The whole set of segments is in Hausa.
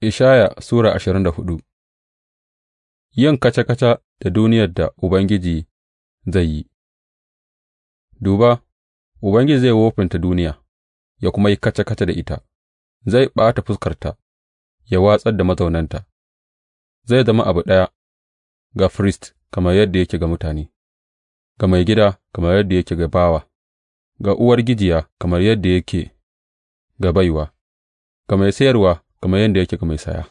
Ishaya Sura ashirin da hudu Yin kaca kaca da duniyar da Ubangiji zai yi Duba, Ubangiji zai wofinta duniya, ya kuma yi kaca kaca da ita, zai ɓata fuskarta, ya watsar da mazaunanta, zai zama abu ɗaya ga firist kamar yadda yake ga mutane, ga mai gida kamar yadda yake ga bawa, ga uwargijiya kamar yadda yake ga baiwa, ga mai sayarwa kamar yadda yake ga mai saya,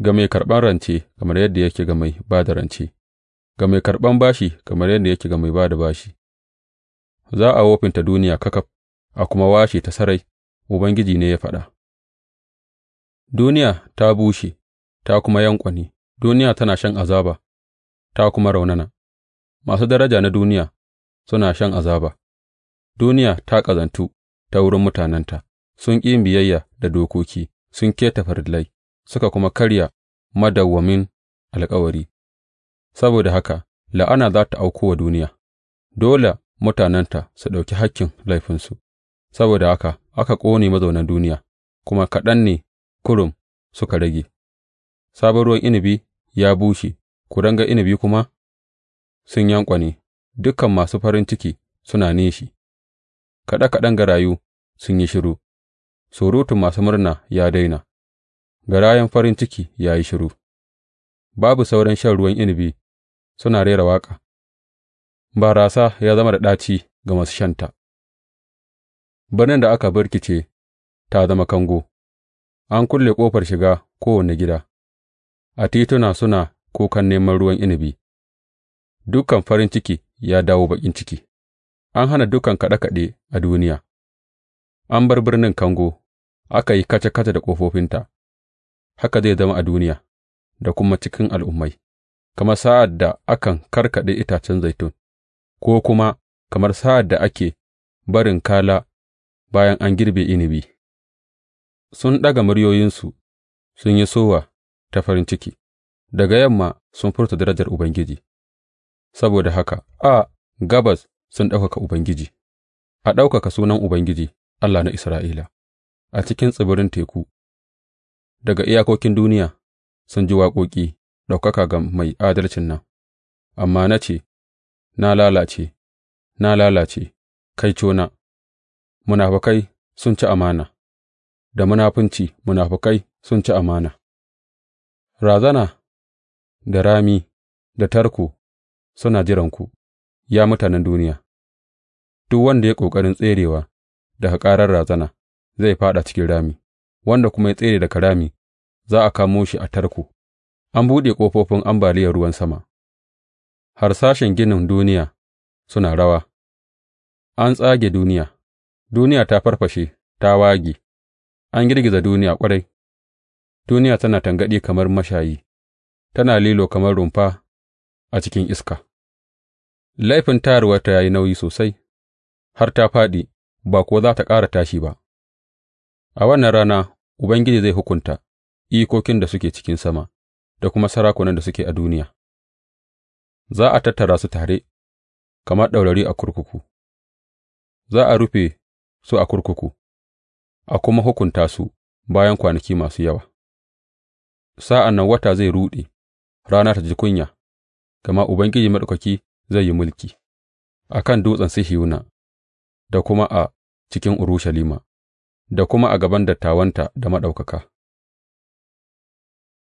ga mai karɓan rance kamar yadda yake ga mai ba da rance, ga mai karɓan bashi kamar yadda yake ga mai ba da bashi. Za a wofinta duniya kakaf a kuma washe ta sarai, Ubangiji ne ya faɗa. Duniya ta bushe, ta kuma yankwani duniya tana shan azaba, ta kuma raunana, masu daraja na duniya suna shan azaba, duniya ta ƙazantu ta wurin mutanenta, sun ƙi biyayya da dokoki. sun keta farillai suka kuma karya madawwamin alƙawari. saboda haka la'ana za ta auko wa duniya, dole mutanenta su ɗauki hakkin laifinsu, saboda haka aka ƙone mazaunan duniya, kuma kaɗan ne kurum suka rage, sabon ruwan inabi ya bushe, kuranga inabi kuma sun yanƙwane, dukan masu farin ciki suna nishi, kaɗe-kaɗen garayu sun yi shiru, surutun masu murna ya daina, garayan farin ciki ya yi shiru, babu sauran shan ruwan inabi suna rera waƙa, barasa ya zama da ɗaci ga masu shanta. Birnin da aka birkice ta zama kango, an kulle ƙofar shiga kowane gida, a tituna suna kokan neman ruwan inabi, dukan farin ciki ya dawo baƙin ciki, an hana dukan kaɗe-kaɗe a duniya, an bar birnin kango aka yi kaca kaca da ƙofofinta, haka zai zama a duniya da kuma cikin al'ummai, kamar sa'ad da akan karkaɗe itacen zaitun, ko kuma kamar sa'ad da ake barin kala bayan an girbe inabi. Sun ɗaga muryoyinsu sun yi sowa ta farin ciki, daga yamma sun furta darajar Ubangiji, saboda haka a gabas sun ɗaukaka Ubangiji, a ɗaukaka sunan Ubangiji Allah na Isra'ila. a cikin tsibirin teku, daga iyakokin duniya sun ji waƙoƙi ɗaukaka ga mai adalcin nan, amma na ce, Na lalace, na lalace, kai kaicona, munafukai sun ci amana, da munafunci munafukai sun ci amana, razana da rami da tarko suna jiranku, ya mutanen duniya, duk wanda ya ƙoƙarin tserewa daga ƙarar razana. zai fāɗa cikin rami, wanda kuma ya tsere daga rami, za a kamo shi a tarko, an buɗe ƙofofin ambaliyar ruwan sama, harsashen ginin duniya suna rawa, an tsage duniya, duniya ta farfashe, ta wage, an girgiza duniya ƙwarai, duniya tana tangaɗi kamar mashayi, tana lilo kamar rumfa a cikin iska. Laifin tayarwarta ya yi nauyi sosai, har ta fāɗi, ba kuwa za ta ƙara tashi ba. A wannan rana Ubangiji zai hukunta ikokin da suke cikin sama da kuma sarakunan da suke a duniya, za a tattara su tare kamar ɗaurari a kurkuku, za a rufe su a kurkuku, a kuma hukunta su bayan kwanaki masu yawa. Sa'an nan wata zai ruɗe, rana ta ji kunya, gama Ubangiji Maɗaukaki zai yi mulki a kan dutsen Sihiyona da kuma a cikin Urushalima. da kuma a gaban dattawanta da maɗaukaka.